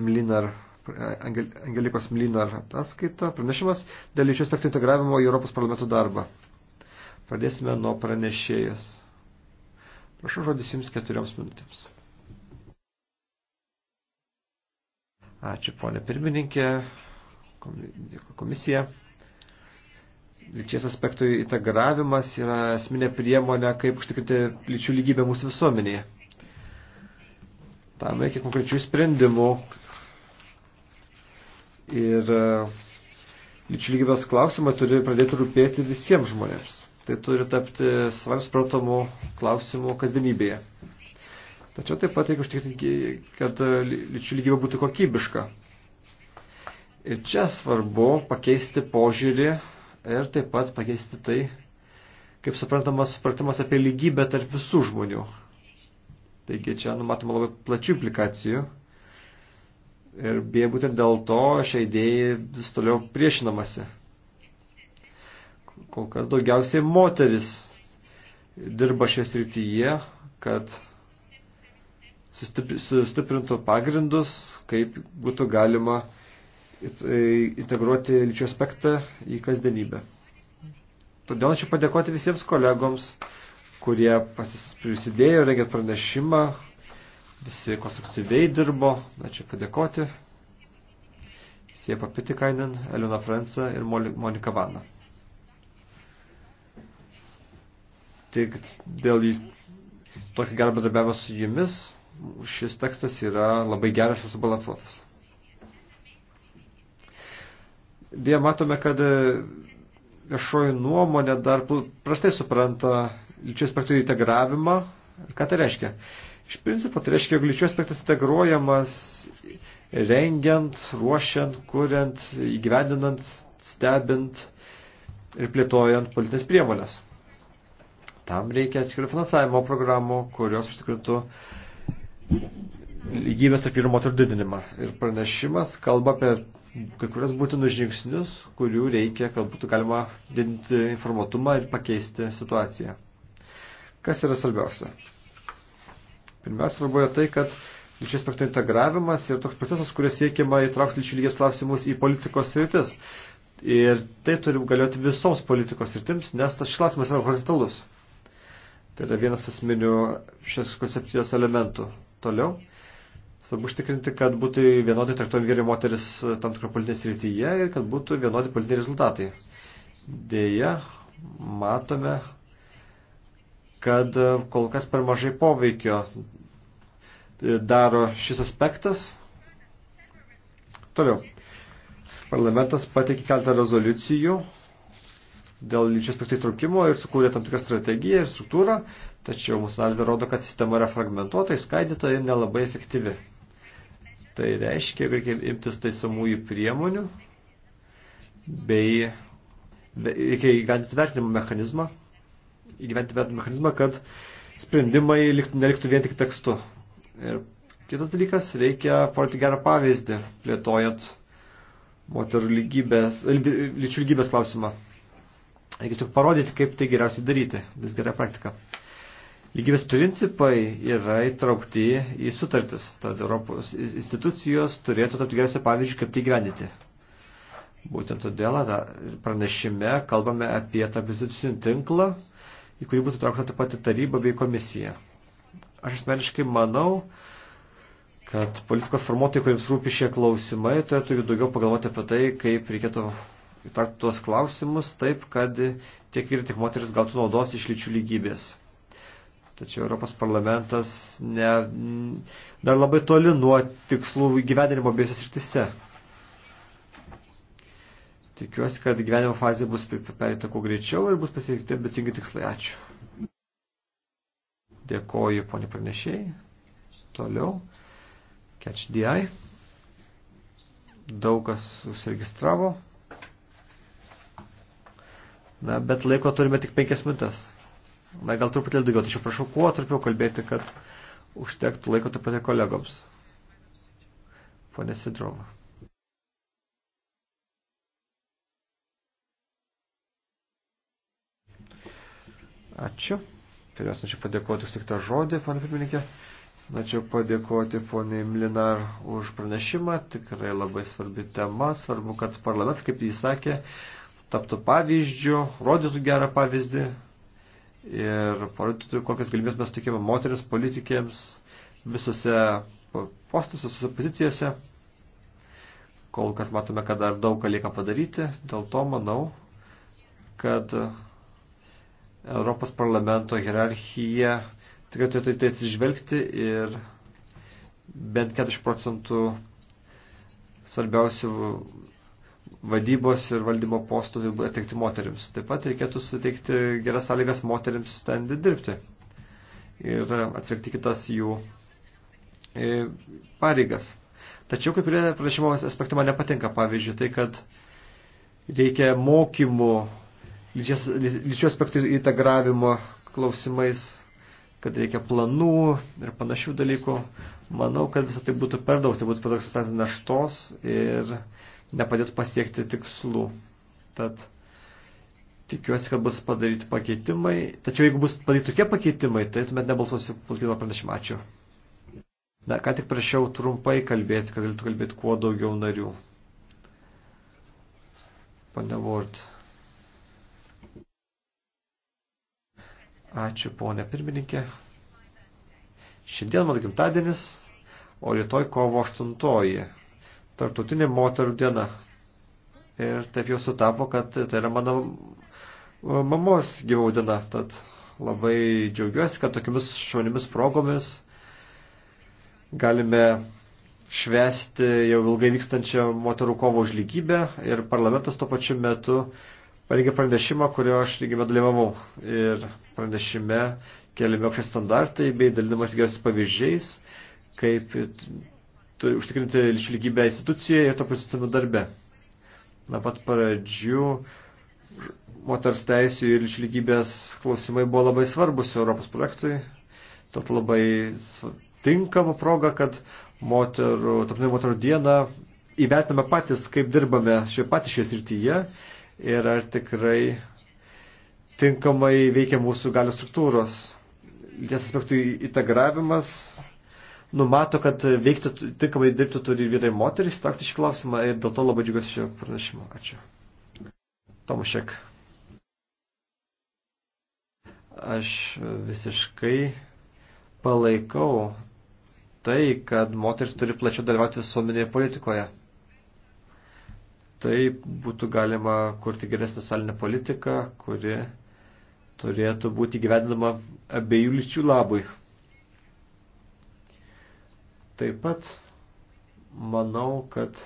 Mlinar, Angelikos Mlinar ataskaita, pranešimas dėl lyčių aspektų integravimo į Europos parlamento darbą. Pradėsime nuo pranešėjas. Prašau žodis jums keturioms minutėms. Ačiū, ponė pirmininkė, komisija. Lyčiais aspektų integravimas yra esminė priemonė, kaip užtikrinti lyčių lygybę mūsų visuomenėje. Tam reikia konkrečių sprendimų, Ir e, lyčių lygybės klausimai turi pradėti rūpėti visiems žmonėms. Tai turi tapti savai supratomu klausimu kasdienybėje. Tačiau taip pat reikia užtikrinti, kad lyčių lygybė būtų kokybiška. Ir čia svarbu pakeisti požiūrį ir taip pat pakeisti tai, kaip suprantamas supratimas apie lygybę tarp visų žmonių. Taigi čia numatoma labai plačių implikacijų Ir bie būtent dėl to šiai idėjai vis toliau priešinamasi. Kol kas daugiausiai moteris dirba šią srityje, kad sustiprintų pagrindus, kaip būtų galima integruoti lyčių aspektą į kasdienybę. Todėl aš padėkoti visiems kolegoms, kurie prisidėjo, rengiant pranešimą, Visi konstruktyviai dirbo, norėčiau padėkoti. Siepa Pitikainen, Elena Franca ir Monika Vana. Tik dėl tokio gerą bendradarbiavimą su jumis, šis tekstas yra labai geras ir subalansuotas. Dėja, matome, kad e, viešoji nuomonė dar prastai supranta lyčių aspektų integravimą. Ką tai reiškia? Iš principo, tai reiškia, jog lyčių aspektas integruojamas rengiant, ruošiant, kuriant, įgyvendinant, stebint ir plėtojant politinės priemonės. Tam reikia atskirų finansavimo programų, kurios užtikrintų lygybės tarp vyrų moterų didinimą. Ir pranešimas kalba apie kai kurias būtinus žingsnius, kurių reikia, kad būtų galima didinti informatumą ir pakeisti situaciją. Kas yra svarbiausia? Pirmiausia, svarbu yra tai, kad lyčių aspektų integravimas yra toks procesas, kuris siekiama įtraukti lyčių lygės klausimus į politikos sritis. Ir tai turi galioti visoms politikos sritims, nes tas klausimas yra horizontalus. Tai yra vienas asmenių šios koncepcijos elementų. Toliau. Svarbu užtikrinti, kad būtų vienodai traktuojami vyrai moteris tam tikro politinės rytyje ir kad būtų vienodai politiniai rezultatai. Deja, matome, kad e, kol kas per mažai poveikio e, daro šis aspektas. Toliau. Parlamentas pateikė keletą rezoliucijų dėl lyčių aspektų įtraukimo ir sukūrė tam tikrą strategiją ir struktūrą, tačiau mūsų analizė rodo, kad sistema yra fragmentuota, įskaidyta ir nelabai efektyvi. Tai reiškia, kad reikia imtis taisomųjų priemonių bei reikia įgandyti vertinimo mechanizmą, įgyventi vedų mechanizmą, kad sprendimai liktų, neliktų vien tik tekstu. Ir kitas dalykas, reikia parodyti gerą pavyzdį, plėtojant moterų lygybės, e, lyčių lygybės klausimą. Reikia tiesiog parodyti, kaip tai geriausiai daryti, vis gera praktika. Lygybės principai yra įtraukti į sutartis, tad Europos institucijos turėtų tapti geriausią pavyzdžių, kaip tai gyvendyti. Būtent todėl pranešime kalbame apie tarp institucijų tinklą, į kurį būtų traukta taip pat taryba bei komisija. Aš asmeniškai manau, kad politikos formuotojai, kuriems rūpi šie klausimai, turėtų daugiau pagalvoti apie tai, kaip reikėtų įtraukti tuos klausimus taip, kad tiek vyrai, tiek moteris gautų naudos iš lyčių lygybės. Tačiau Europos parlamentas ne, dar labai toli nuo tikslų gyvenimo abiejose srityse. Tikiuosi, kad gyvenimo fazė bus perėta kuo greičiau ir bus pasiekti ambicingi tikslai. Ačiū. Dėkoju, ponė pranešėjai. Toliau. Catch DI. Daug kas užsiregistravo. Na, bet laiko turime tik penkias minutės. Na, gal truputėlį daugiau, tačiau prašau kuo trupiau kalbėti, kad užtektų laiko taip pat ir kolegoms. Pone Sidrova. Ačiū. Pirmiausia, ačiū padėkoti už tik tą žodį, pana pirmininkė. Ačiū padėkoti poniai Mlinar už pranešimą. Tikrai labai svarbi tema. Svarbu, kad parlamentas, kaip jis sakė, taptų pavyzdžių, rodytų gerą pavyzdį ir parodytų, kokias galimybės mes tikime moteris politikėms visose postuose, visose pozicijose. Kol kas matome, kad dar daug ką lieka padaryti. Dėl to manau, kad Europos parlamento hierarchija tikrai turėtų tai atsižvelgti ir bent 40 procentų svarbiausių vadybos ir valdymo postų atlikti moteriams. Taip pat reikėtų suteikti geras sąlygas moteriams ten dirbti ir atsvegti kitas jų e, pareigas. Tačiau kai kurie pranešimo aspektai man nepatinka, pavyzdžiui, tai, kad reikia mokymų lyčių aspektų integravimo klausimais, kad reikia planų ir panašių dalykų. Manau, kad visą tai būtų per daug, tai būtų per daug sustatyti naštos ir nepadėtų pasiekti tikslų. Tad tikiuosi, kad bus padaryti pakeitimai. Tačiau jeigu bus padaryti tokie pakeitimai, tai tuomet nebalsuosiu pakeitimą pranešimą. Ačiū. Na, ką tik prašiau trumpai kalbėti, kad galėtų kalbėti kuo daugiau narių. Pane Vort. Ačiū, ponė pirmininkė. Šiandien mano gimtadienis, o rytoj kovo 8. Tartutinė moterų diena. Ir taip jau sutapo, kad tai yra mano e, mamos gyvau diena. Tad labai džiaugiuosi, kad tokiamis šaunimis progomis galime švesti jau ilgai vykstančią moterų kovo už lygybę ir parlamentas tuo pačiu metu parengė pranešimą, kurio aš lygime dalyvavau. Ir pranešime keliami aukšti standartai bei dalinamas geriausiais pavyzdžiais, kaip užtikrinti lyčių lygybę institucijoje ir to pasitame darbe. Na pat pradžių moters teisų ir lyčių lygybės klausimai buvo labai svarbus Europos projektui. Tad labai tinkama proga, kad moterų, tarptautinė moterų diena įvertiname patys, kaip dirbame šioje patys šioje srityje ir ar tikrai tinkamai veikia mūsų galios struktūros. Lyties aspektų integravimas numato, kad veikti, tinkamai dirbti turi vyrai ir moteris, takti šį klausimą ir dėl to labai džiugiuosi šio pranešimo. Ačiū. Tomušek. Aš visiškai palaikau tai, kad moteris turi plačiau dalyvauti visuomenėje politikoje. Taip būtų galima kurti geresnę salinę politiką, kuri turėtų būti gyvendama abiejų lyčių labui. Taip pat manau, kad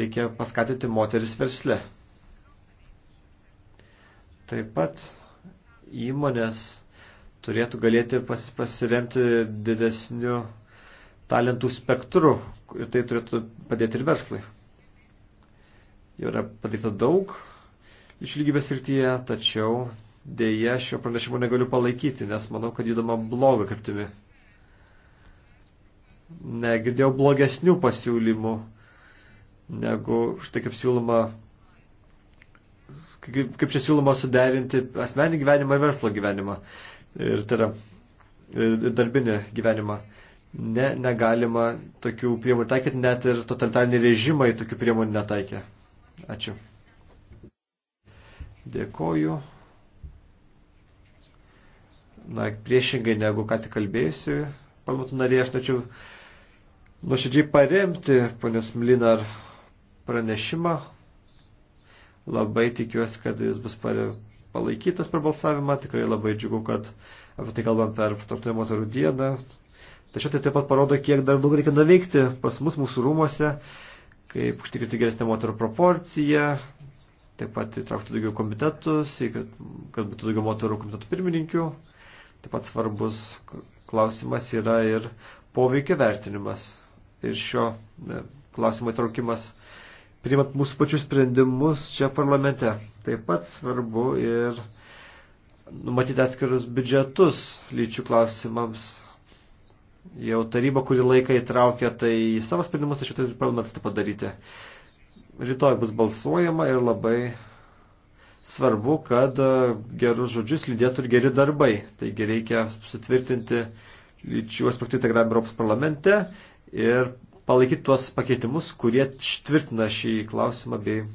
reikia paskatinti moteris versle. Taip pat įmonės turėtų galėti pas, pasiremti didesniu talentų spektru ir tai turėtų padėti ir verslai yra padaryta daug išlygybės rytyje, tačiau dėje šio pranešimo negaliu palaikyti, nes manau, kad judama blogą kryptimi. Negirdėjau blogesnių pasiūlymų, negu štai kaip siūloma, kaip, kaip čia siūloma suderinti asmenį gyvenimą ir verslo gyvenimą. Ir tai yra darbinį gyvenimą. Ne, negalima tokių priemonių taikyti, net ir totalitariniai režimai tokių priemonių netaikė. Ačiū. Dėkoju. Na, priešingai negu ką tik kalbėjusi, parlamento narė, aš norėčiau nuoširdžiai paremti ponios Mlinar pranešimą. Labai tikiuosi, kad jis bus palaikytas per balsavimą. Tikrai labai džiugu, kad apie tai kalbam per Tarptautinę moterų dieną. Tačiau tai taip pat parodo, kiek dar daug reikia nuveikti pas mus mūsų rūmose kaip užtikrinti geresnę moterų proporciją, taip pat įtraukti daugiau komitetus, kad, kad būtų daugiau moterų komitetų pirmininkių. Taip pat svarbus klausimas yra ir poveikio vertinimas ir šio e, klausimo įtraukimas, priimant mūsų pačius sprendimus čia parlamente. Taip pat svarbu ir numatyti atskirus biudžetus lyčių klausimams jau taryba kurį laiką įtraukia tai į savo sprendimus, tačiau turi parlamentas tai padaryti. Rytoj bus balsuojama ir labai svarbu, kad e, gerus žodžius lydėtų ir geri darbai. Taigi reikia sutvirtinti lyčių aspektų integravimą Europos parlamente ir palaikyti tuos pakeitimus, kurie tvirtina šį klausimą bei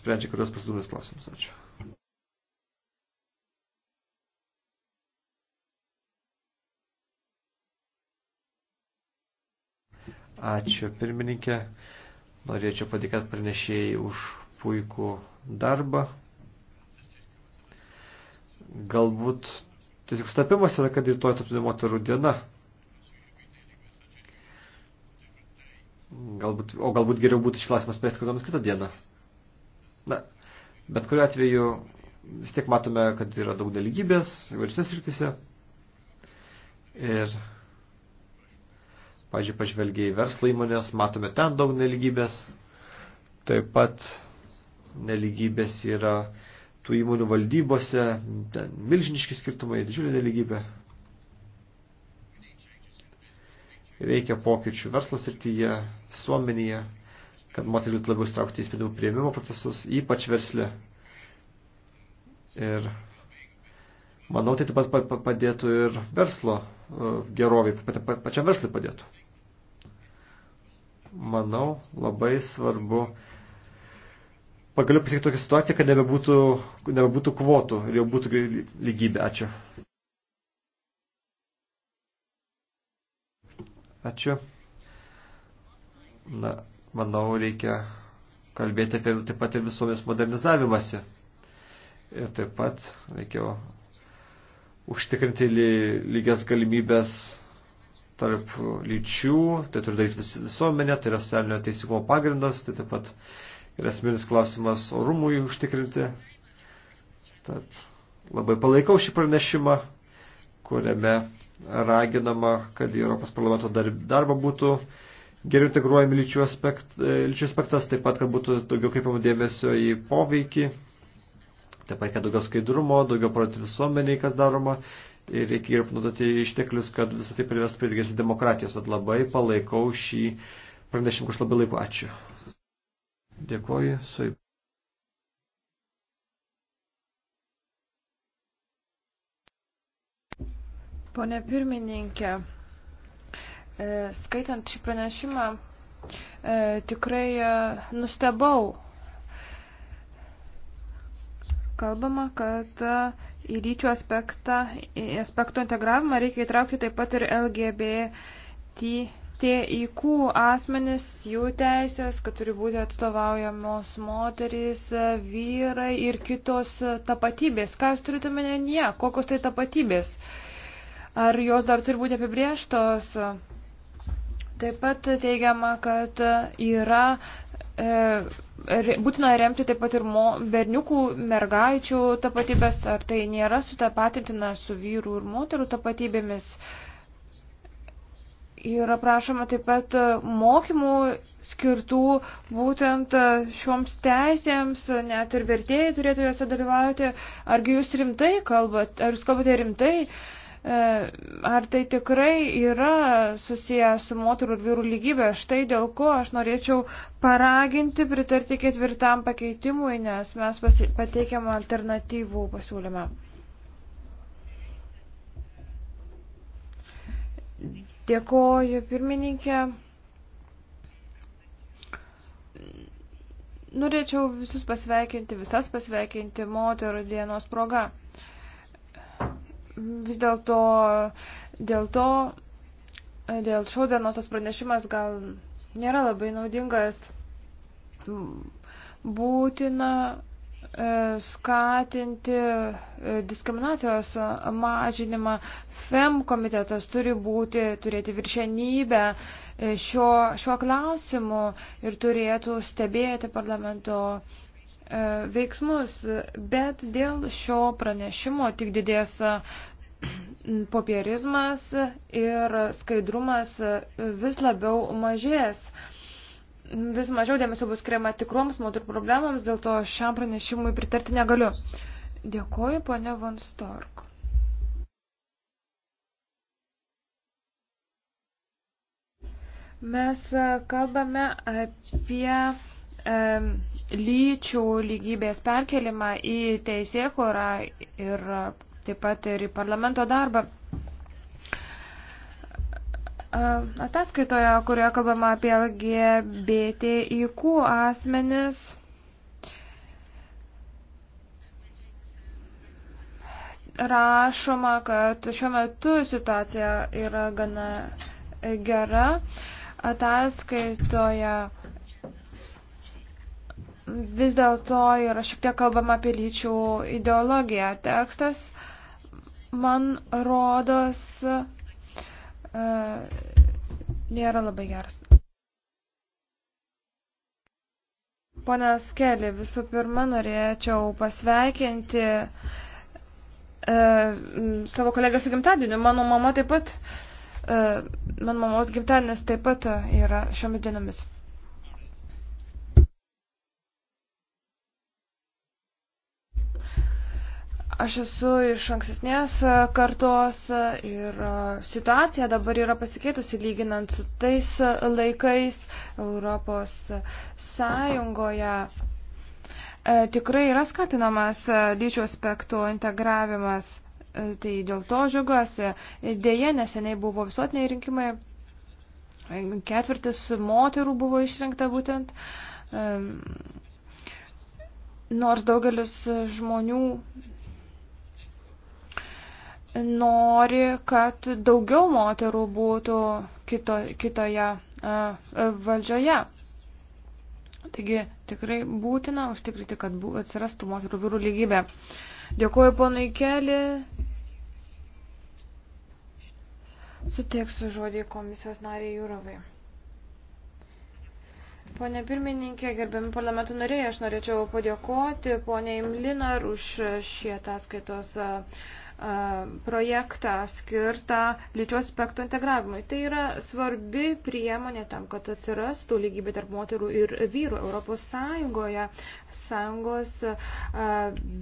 sprendžia kurios procedūrinės klausimus. Ačiū. Ačiū pirmininkė. Norėčiau padėkoti pranešėjai už puikų darbą. Galbūt tiesiog stapimas yra, kad rytoj taptų moterų diena. Galbūt, o galbūt geriau būtų šį klausimą spręsti kokią nors kitą dieną. Na, bet kuriu atveju vis tiek matome, kad yra daug nelygybės įvairiose srityse. Ir Pavyzdžiui, pažvelgiai į verslo įmonės, matome ten daug neligybės. Taip pat neligybės yra tų įmonių valdybose, ten milžiniški skirtumai, didžiulė neligybė. Reikia pokyčių verslo srityje, suomenėje, kad moterį labiau straukti į sprendimų prieimimo procesus, ypač versle. Ir manau, tai taip pat padėtų ir verslo uh, geroviai, pačiam verslui padėtų manau, labai svarbu pagaliau pasiekti tokią situaciją, kad nebebūtų, nebebūtų kvotų ir jau būtų lygybė. Ačiū. Ačiū. Na, manau, reikia kalbėti apie taip pat ir visuomės modernizavimąsi. Ir taip pat reikia užtikrinti lygias galimybės tarp lyčių, tai turi daryti visi visuomenė, tai yra socialinio teisingumo pagrindas, tai taip pat yra esminis klausimas orumui užtikrinti. Tad labai palaikau šį pranešimą, kuriame raginama, kad Europos parlamento darba būtų geriau integruojami lyčių, aspekt, e, lyčių aspektas, taip pat, kad būtų daugiau kaipama dėmesio į poveikį, taip pat, kad daugiau skaidrumo, daugiau parodyti visuomeniai, kas daroma, ir reikia ir apnaudoti išteklius, kad visą tai privestų prie didesnės demokratijos. Tad labai palaikau šį pranešimą, aš labai laiku ačiū. Dėkoju. Su... Pone pirmininkė, e, skaitant šį pranešimą, e, tikrai e, nustebau kalbama, kad e, į lyčių aspektą, į aspektų integravimą reikia įtraukti taip pat ir LGBTIQ asmenis, jų teisės, kad turi būti atstovaujamos moterys, vyrai ir kitos tapatybės. Ką jūs turite menyje? Kokios tai tapatybės? Ar jos dar turi būti apibrieštos? Taip pat teigiama, kad yra E, būtina remti taip pat ir mo, berniukų, mergaičių tapatybės, ar tai nėra sutapatintina su vyrų ir moterų tapatybėmis. Yra prašoma taip pat mokymų skirtų būtent šioms teisėms, net ir vertėjai turėtų juose dalyvauti. Argi jūs rimtai kalbate, ar jūs kalbate rimtai? Uh, E, ar tai tikrai yra susiję su moterų ir vyrų lygybė? Štai dėl ko aš norėčiau paraginti pritarti ketvirtam pakeitimui, nes mes pateikėm alternatyvų pasiūlymą. Dėkoju pirmininkė. Norėčiau visus pasveikinti, visas pasveikinti moterų dienos proga vis dėlto dėl to, dėl šio dienos tas pranešimas gal nėra labai naudingas. Būtina e, skatinti e, diskriminacijos mažinimą. FEM komitetas turi būti, turėti viršenybę e, šiuo, šiuo klausimu ir turėtų stebėti parlamento uh, E, veiksmus, bet dėl šio pranešimo tik didės e, popierizmas ir skaidrumas vis labiau mažės. Vis mažiau dėmesio bus skiriama tikroms moterų problemams, dėl to šiam pranešimui pritarti negaliu. Dėkuoju, ponia Von Stork. Mes kalbame apie lyčių lygybės perkelimą į teisėkurą ir taip pat ir į parlamento darbą. Ataskaitoje, kurioje kalbama apie LGBTIQ asmenis, rašoma, kad šiuo metu situacija yra gana gera. Ataskaitoje vis dėlto yra šiek tiek kalbama apie lyčių ideologiją. Tekstas, man rodos, e, nėra labai geras. Pone Skeli, visų pirma, norėčiau pasveikinti e, savo kolegą su gimtadieniu. Mano mama taip pat, e, mano mamos gimtadienis taip pat yra šiomis dienomis. Aš esu iš ankstesnės e, kartos e, ir e, situacija dabar yra pasikeitusi lyginant su tais laikais Europos Sąjungoje. Tikrai yra skatinamas lyčių aspektų integravimas, tai dėl to žiūgiuosi. Dėje neseniai buvo visuotiniai rinkimai, ketvirtis moterų buvo išrinkta būtent. Nors daugelis žmonių nori, kad daugiau moterų būtų kito, kitoje valdžioje. Taigi tikrai būtina užtikrinti, kad atsirastų moterų vyrų lygybė. Dėkuoju ponui Keli. Suteiksiu žodį komisijos nariai Jūrovai. Pone pirmininkė, gerbiami parlamento nariai, aš norėčiau padėkoti ponė Imlinar už šį ataskaitos uh, projektą skirtą lyčių aspektų integravimui. Tai yra svarbi priemonė tam, kad atsirastų lygybė tarp moterų ir vyrų Europos Sąjungoje. Sąjungos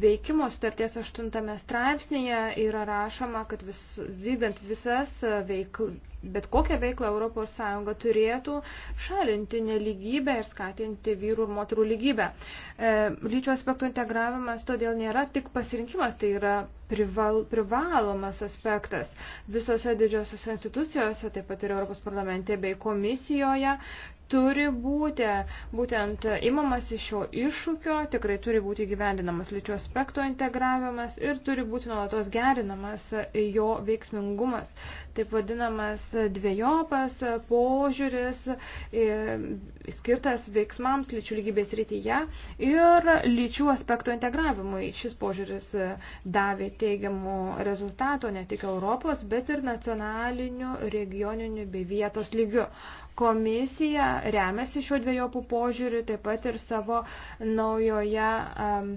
veikimo starties 8 straipsnėje yra rašoma, kad vis, vykdant visas veikl, bet kokią veiklą ES turėtų šalinti neligybę ir skatinti vyrų ir moterų lygybę. E, Lyčio aspektų integravimas todėl nėra tik pasirinkimas, tai yra prival, privalomas aspektas. Visose didžiosios institucijose, taip pat ir Europos parlamente bei komisijoje, turi būti būtent imamas iš šio iššūkio, tikrai turi būti gyvendinamas lyčių aspekto integravimas ir turi būti nuolatos gerinamas jo veiksmingumas. Taip vadinamas dviejopas požiūris e, skirtas veiksmams lyčių lygybės rytyje ir lyčių aspekto integravimui. Šis požiūris davė teigiamų rezultatų ne tik Europos, bet ir nacionaliniu, regioniniu bei vietos lygiu. Komisija remiasi šiuo dviejopų požiūriu taip pat ir savo naujoje um,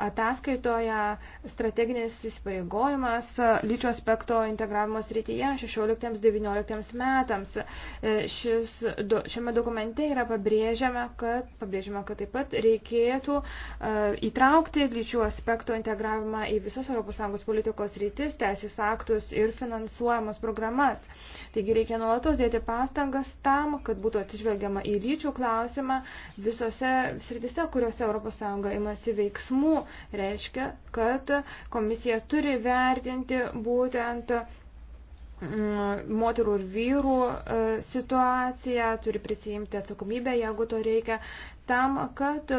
ataskaitoje strateginis įsipareigojimas lyčio aspekto integravimo srityje 16-19 metams. E, šis, do, šiame dokumente yra pabrėžiama, kad, pabrėžiama, kad taip pat reikėtų uh, įtraukti lyčių aspekto integravimą į visas ES politikos rytis, teisės aktus ir finansuojamas programas. Taigi reikia nuolatos dėti pastangas tam, kad būtų atsižvelgiama į lyčių klausimą visose sritise, kuriuose ES imasi veiksmų Reiškia, kad komisija turi vertinti būtent mm, moterų ir vyrų e, situaciją, turi prisijimti atsakomybę, jeigu to reikia, tam, kad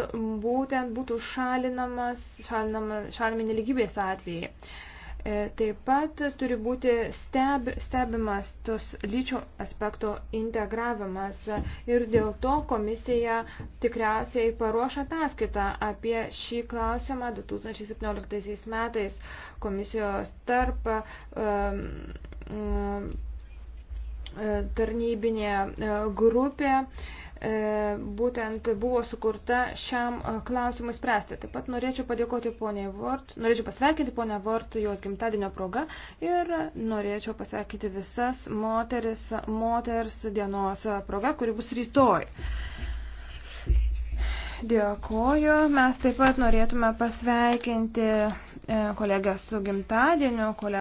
būtent būtų šalinamas, šalinama, šalinami neligybės atvejai. E, taip pat turi būti steb, stebimas tos lyčio aspekto integravimas ir dėl to komisija tikriausiai paruoš ataskaitą apie šį klausimą 2017 metais komisijos tarp um, tarnybinė e, grupė. Um, E, būtent buvo sukurta šiam e, klausimui spręsti. Taip pat norėčiau padėkoti poniai Vort, norėčiau pasveikinti ponią Vort jos gimtadienio proga ir norėčiau pasveikinti visas moteris, moters dienos proga, kuri bus rytoj. Dėkoju. Mes taip pat norėtume pasveikinti e, kolegę su gimtadieniu. Kolegę